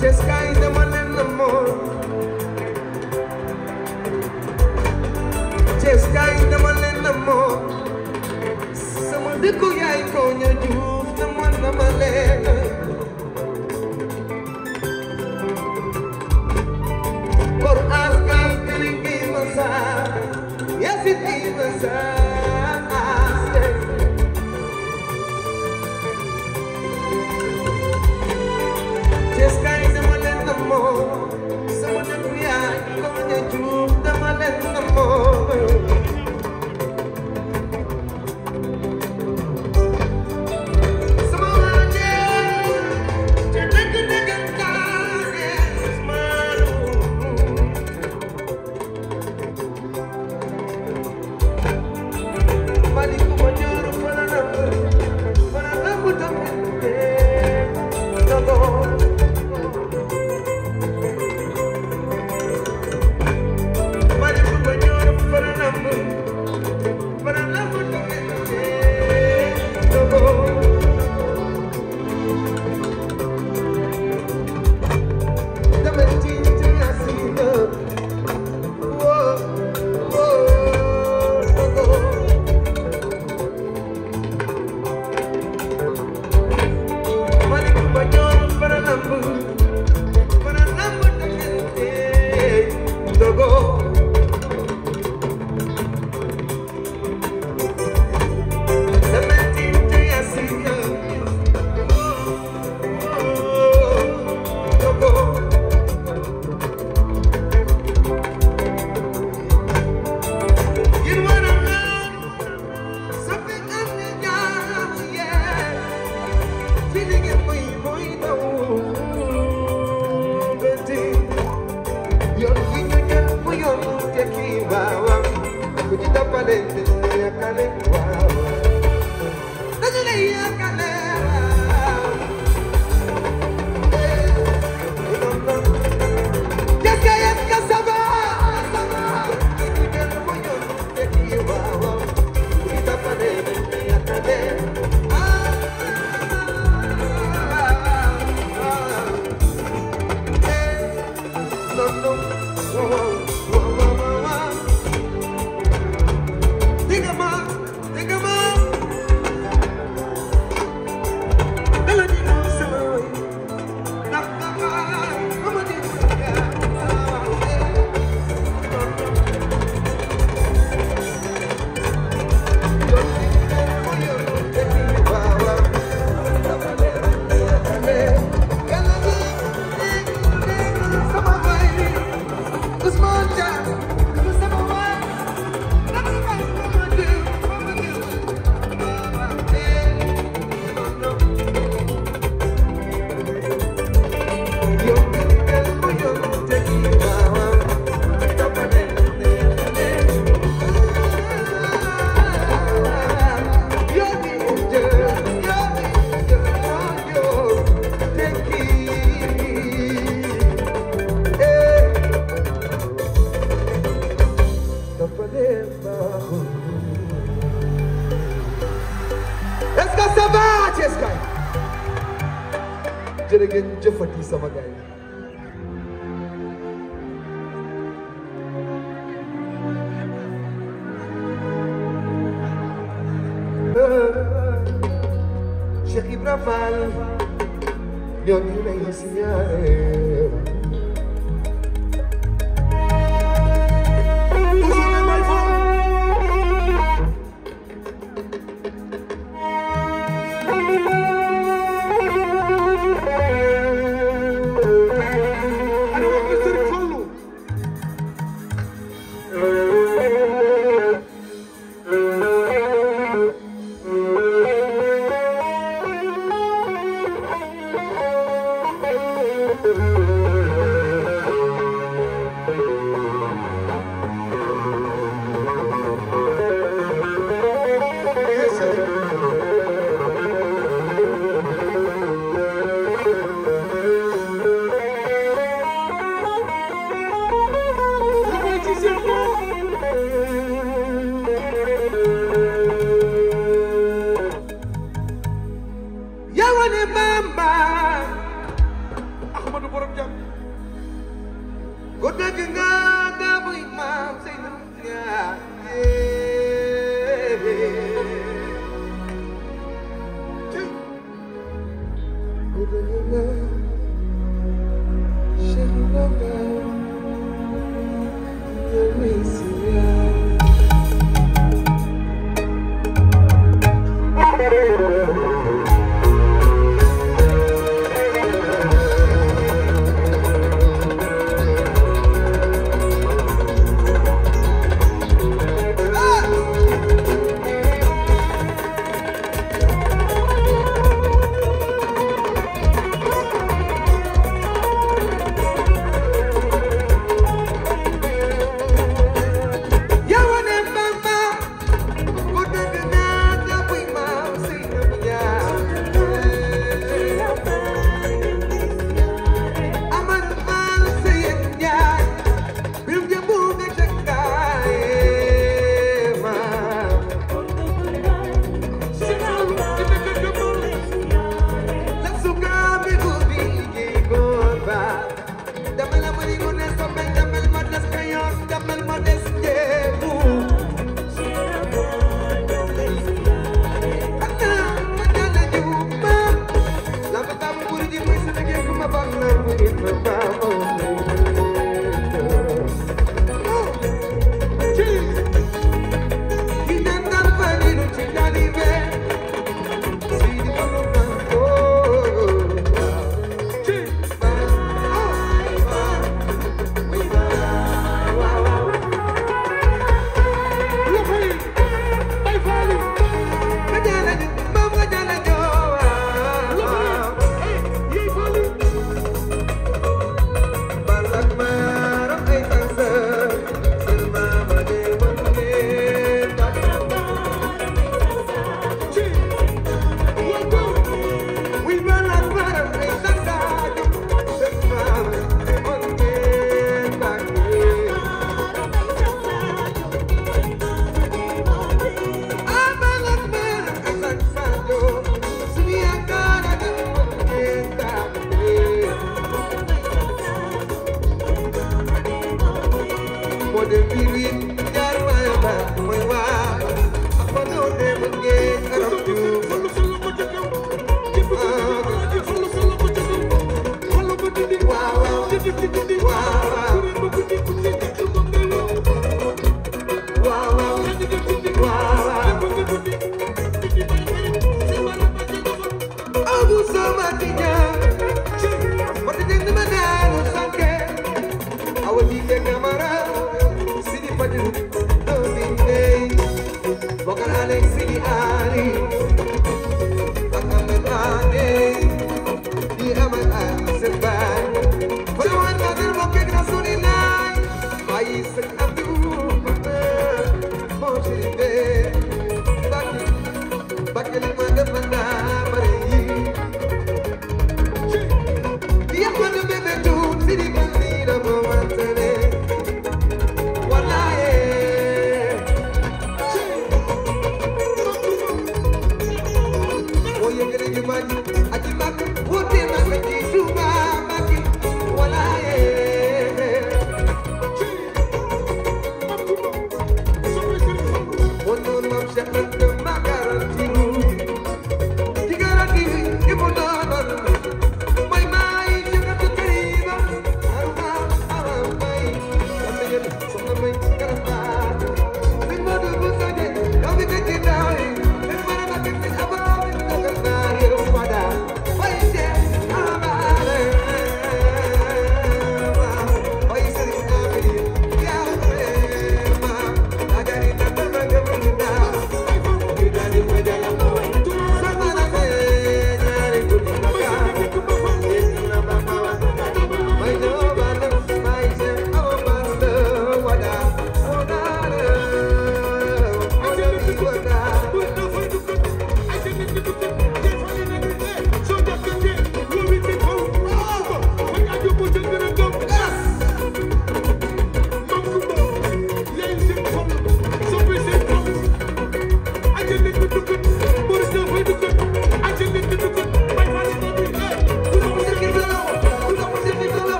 Just kind of one in the moon Just kind of Sama dëkku yaay ko juuf na mën na ma leen Por askan kiri kii ma amor.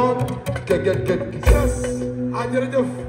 woon te ngeen gën gi sas a ah, jërëjëf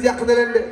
Iblis yàq na leen de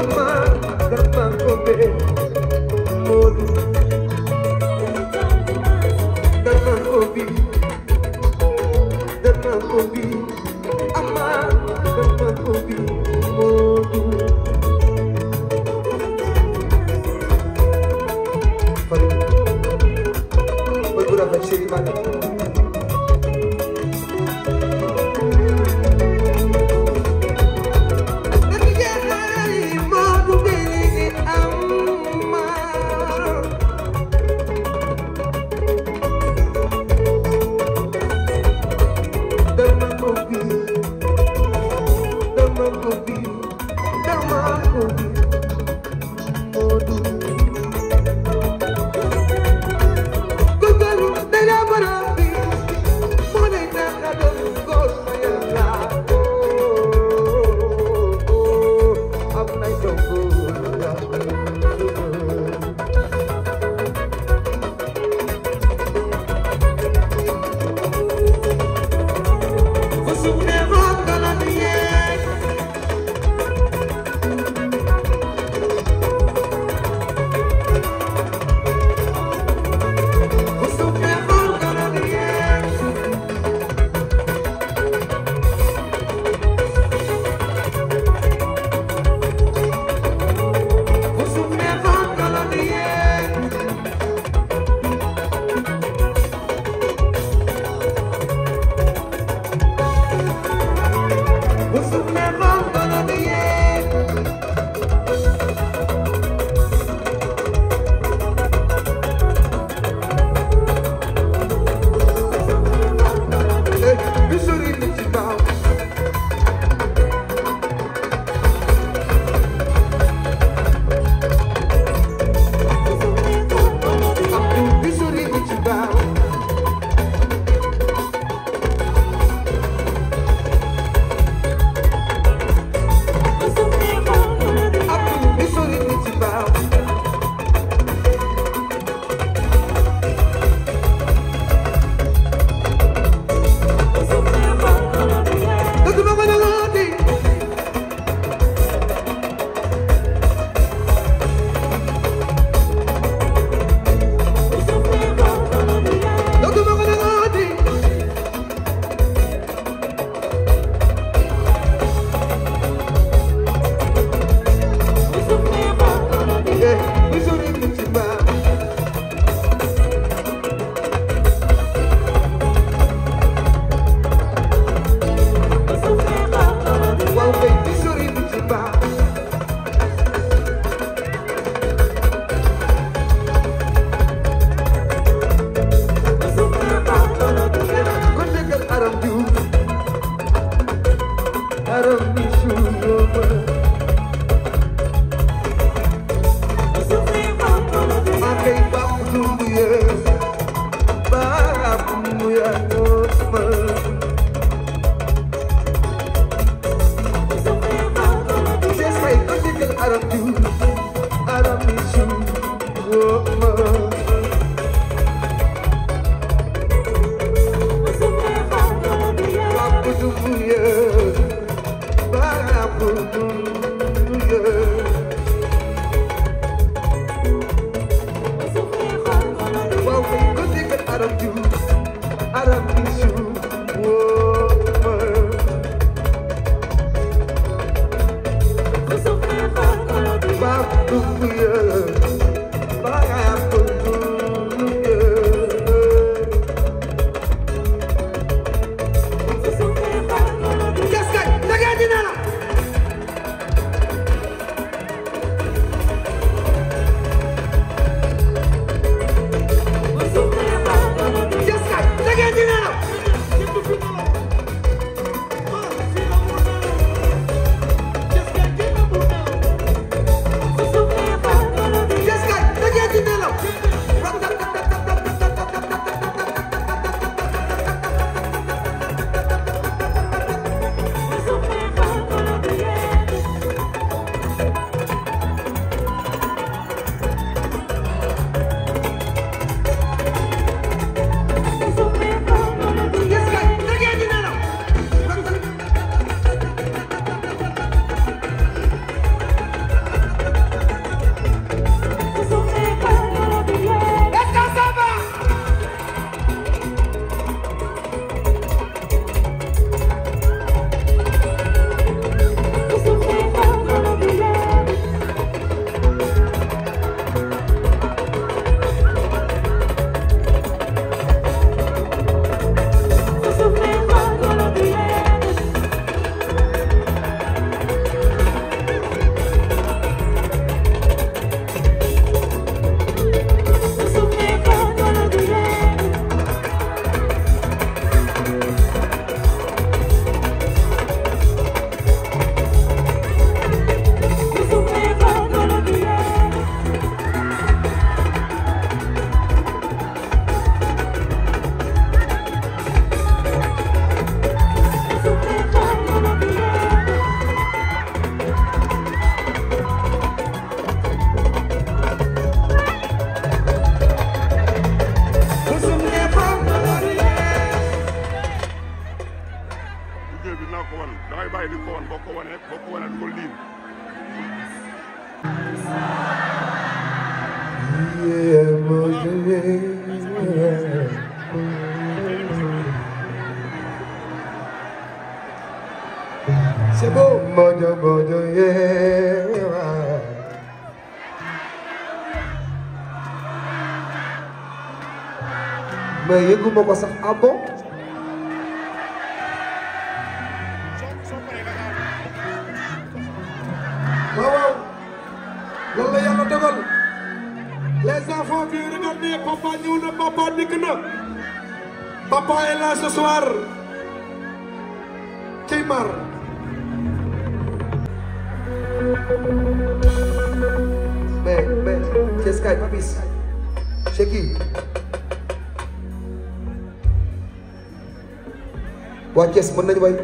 Papa. mais yëguma ko sax kees mën nañu way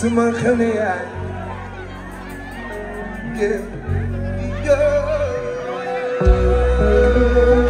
suma xële yaay ngeen di jooy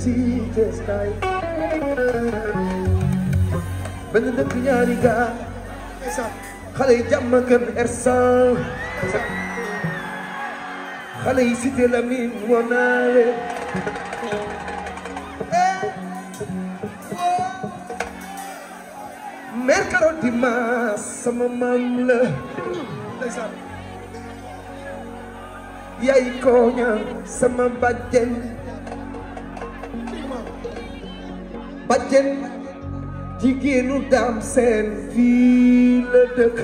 tiites kay benn dëkk ñaari gaal xale yi jàmm kan xale yi cité la mi moo naale mère Karo Dimas sama maam la yaay kooña sama bàjjen bàjjen jigéenu Dame Sène fii la dëkk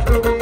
Thank you.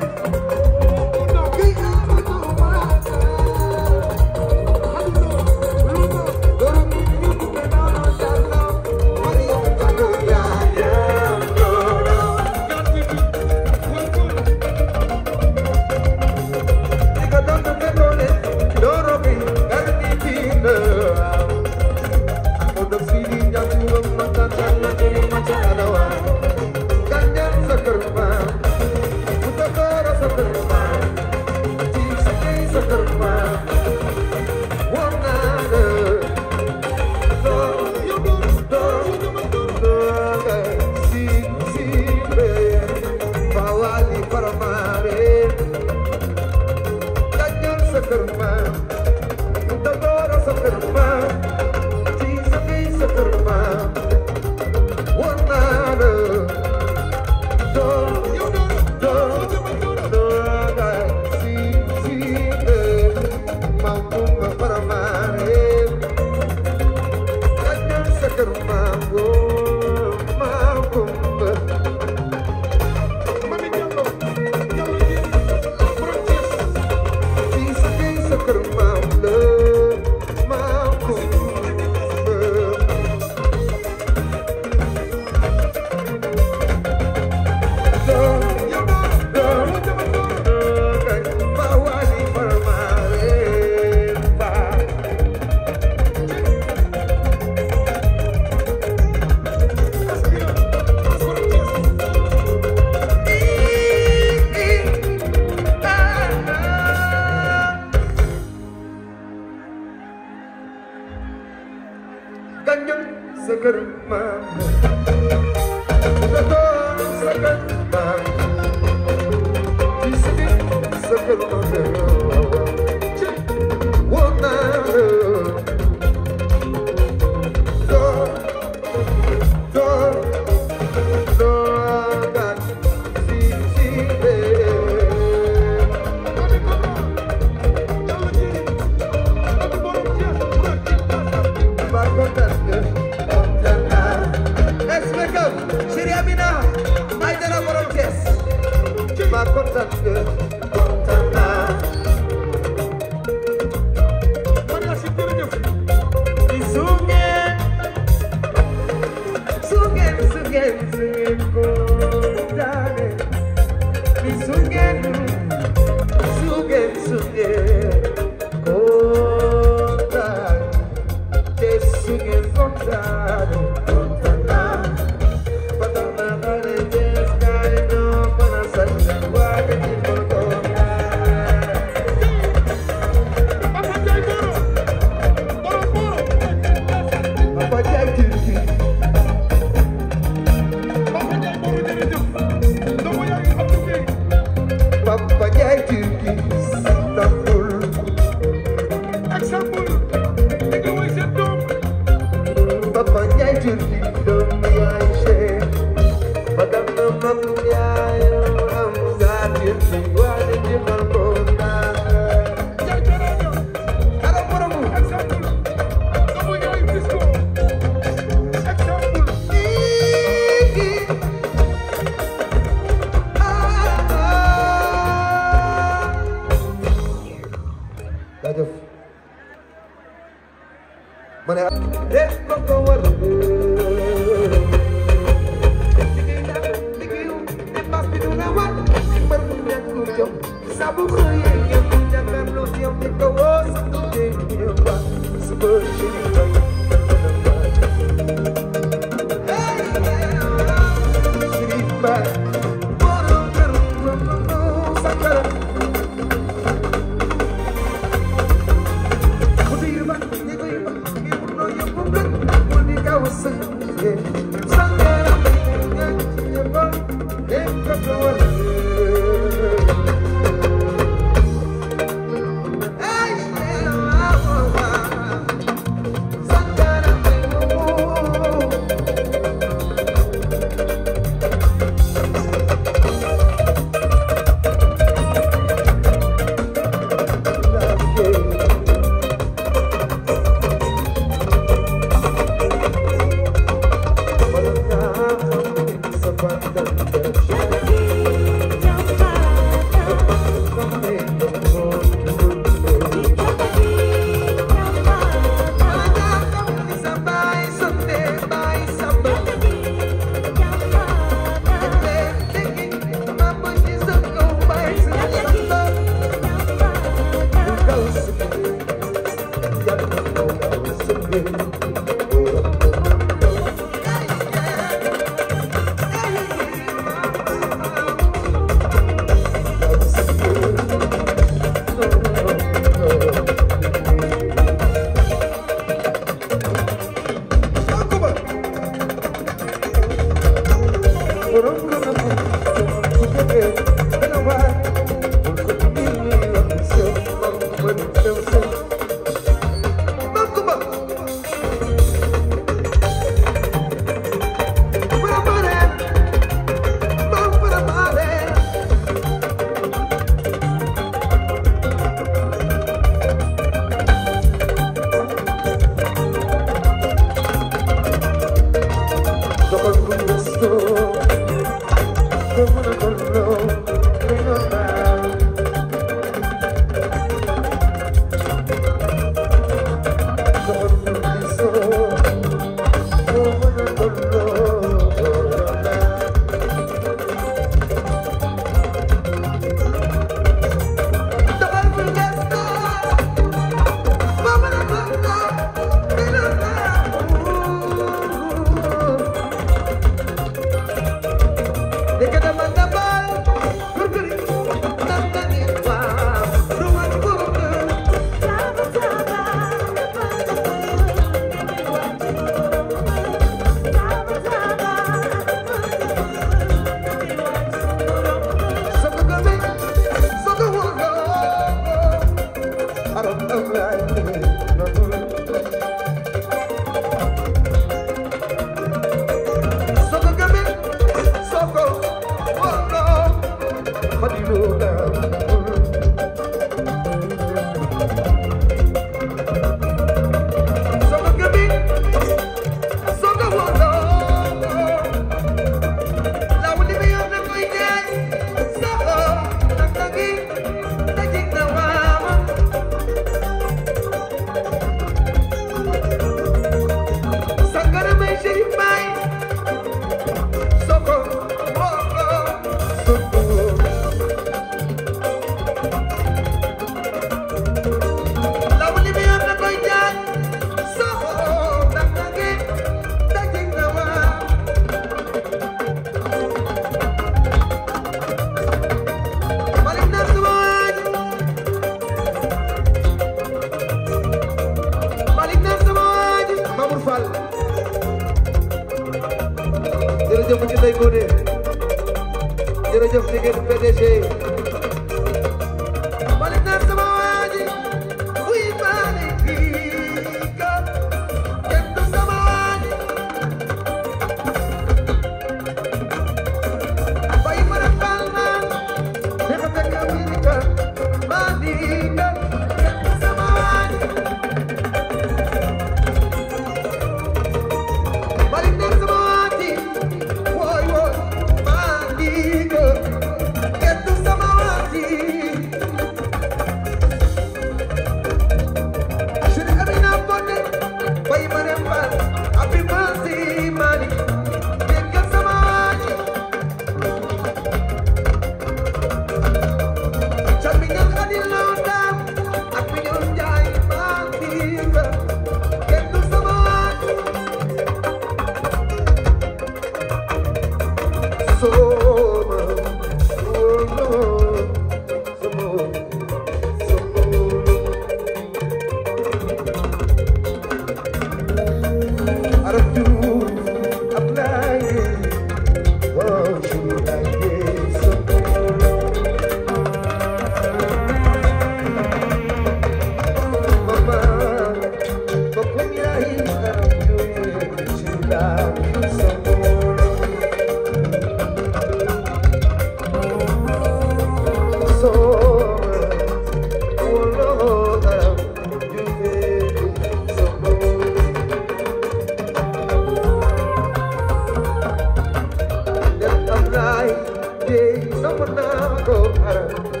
नाम को भर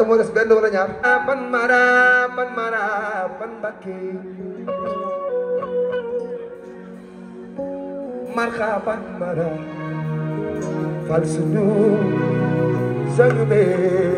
te moo des benn wala ñaar ban mara ban mara ban mbakke marxa ban mara fal suñu sañu bee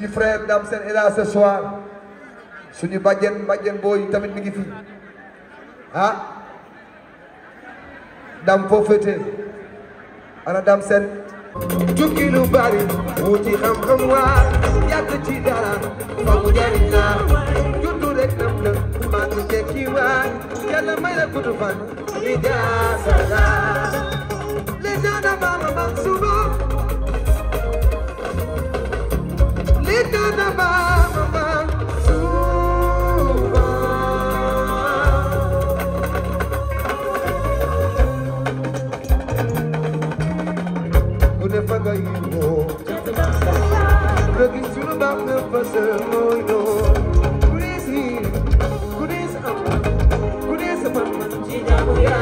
suñu frère Dame Sène est là ce soir suñu tamit mi ngi fi ah Dame ana Dame tukki lu bari wuti xam-xam waa yàgg ci dara ba mu jariñ rek nam la maa ngi tekki waay yàlla may la gudd fan li Yeah.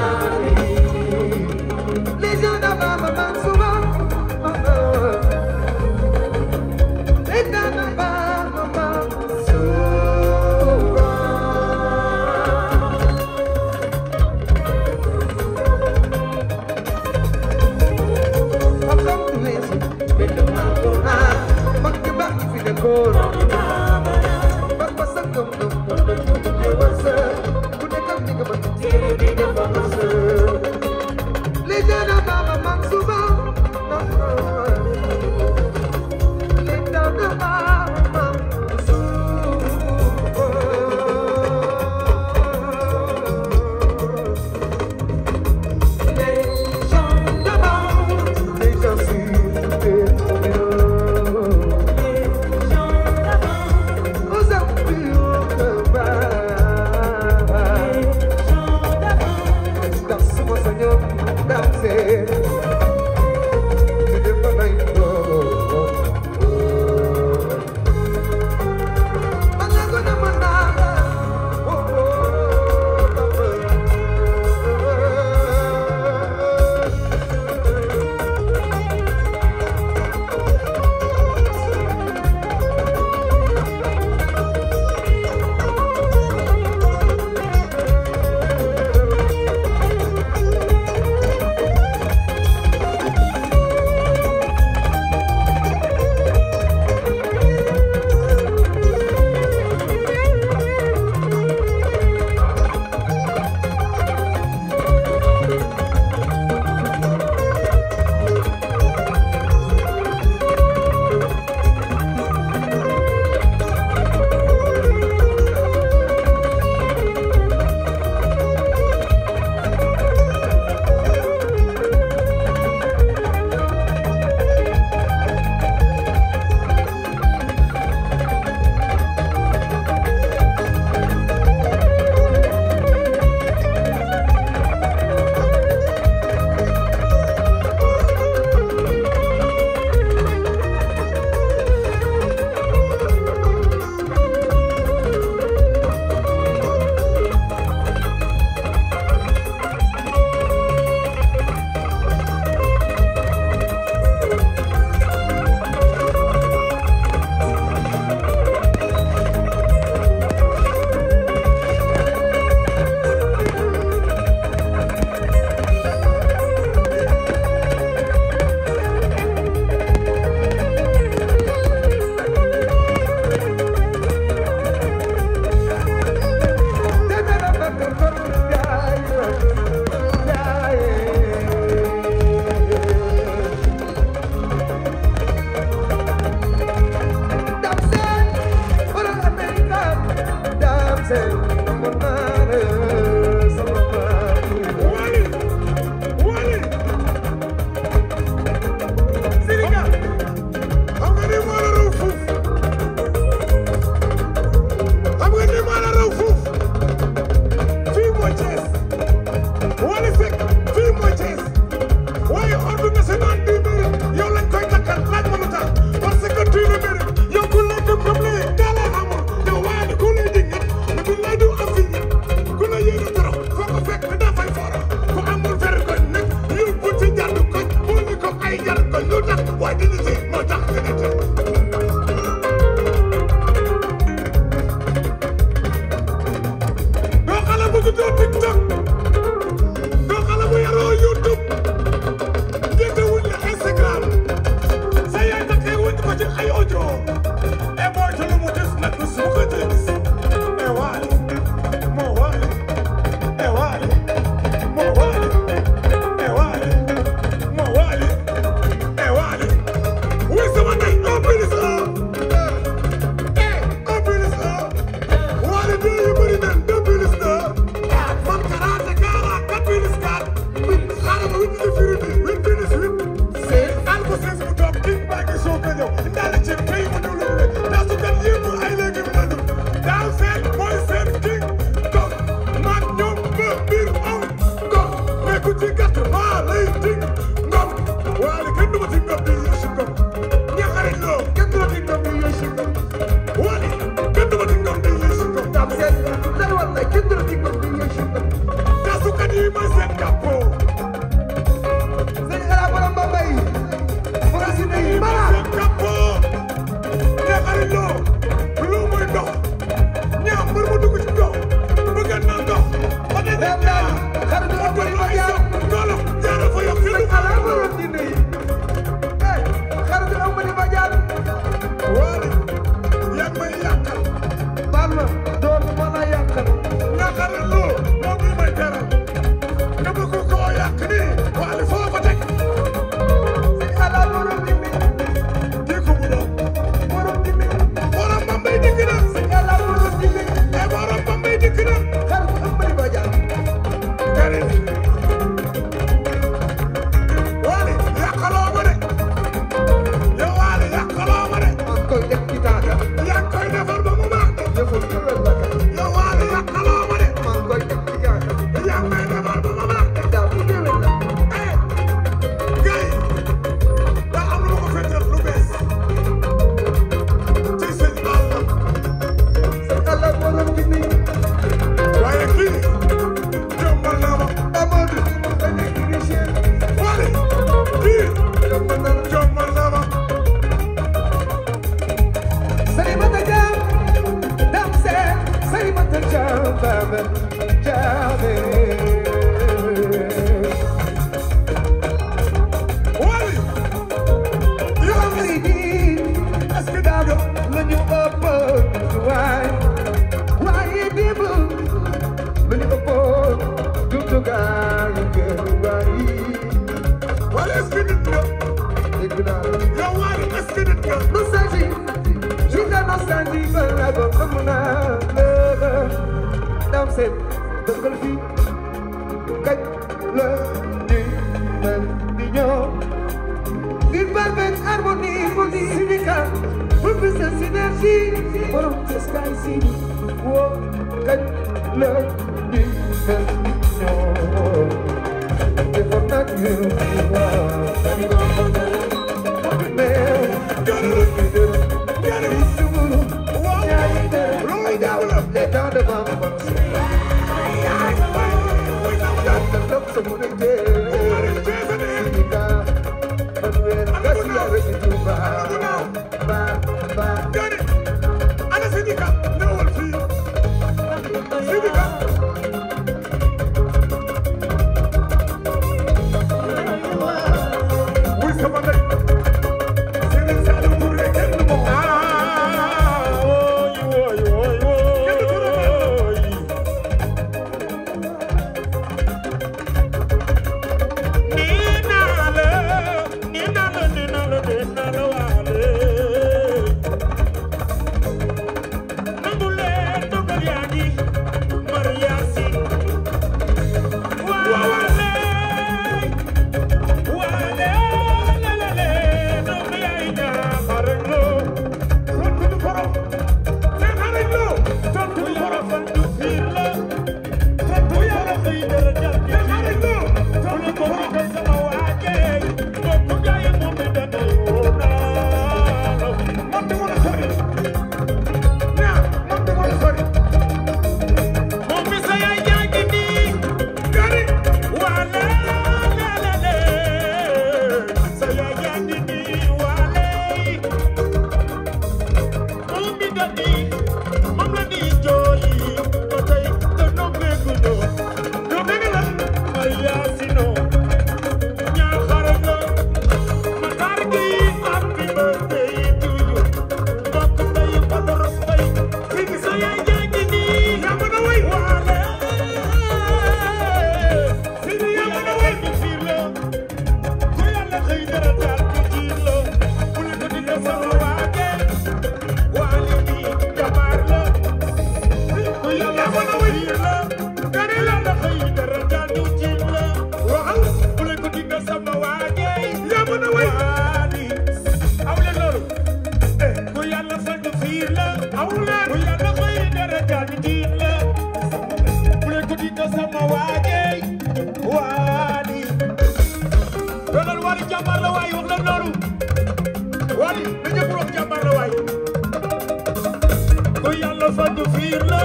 fadu fiir la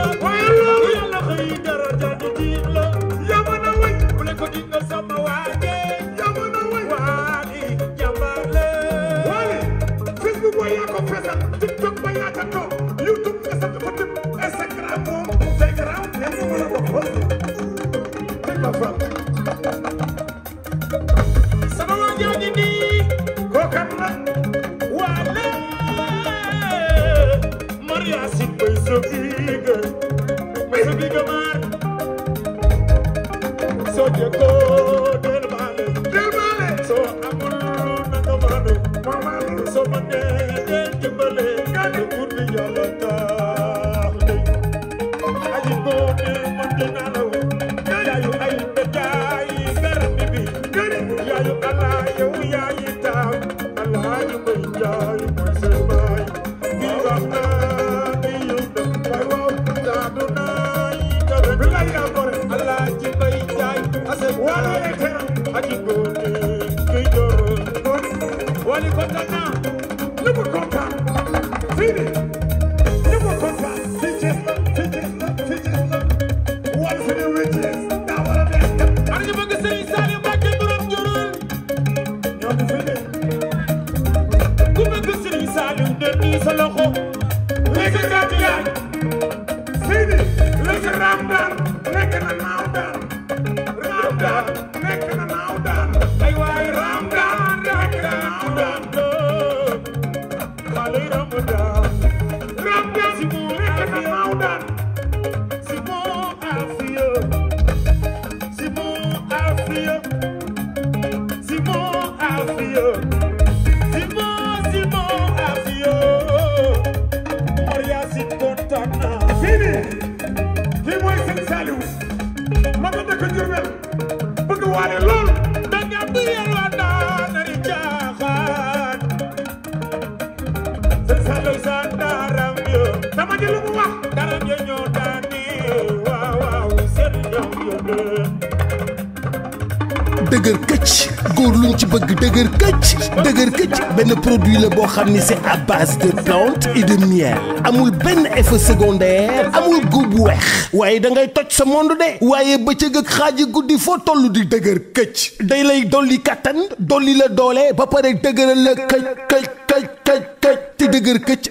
produit la boo xam ni c'est à base de plantes et de miel amul benn effet secondaire amul góob weex waaye da ngay toj sa monde de waaye bëccëg ak xaaji guddi foo toll di dëgër këcc day lay dolli kattan dolli la doole ba pare dëgëral la këcc këcc këcc këcc te dëgër këcc.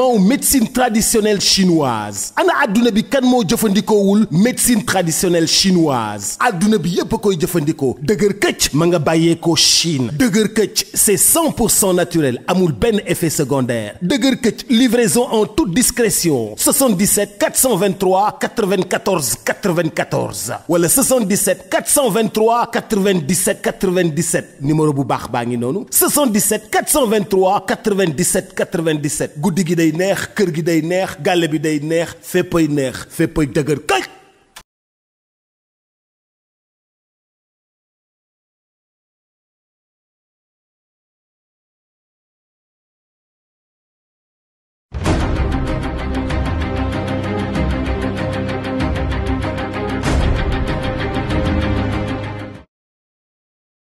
fondement wu médecine traditionnelle chinoise ana adduna bi kan moo jëfandikoowul médecine traditionnelle chinoise adduna bi yépp a koy jëfandikoo dëgër këcc ma nga bàyyeekoo Chine dëgër këcc c'est 100 pour cent naturel amul benn effet secondaire dëgër këcc livraison en toute discrétion 77 423 94 94 wala 77 423 97 97 numéro bu baax baa ngi noonu 77 423 97 97 guddi gi day neex kër gi day neex gàlle bi day neex féppay neex féppay dëgër kay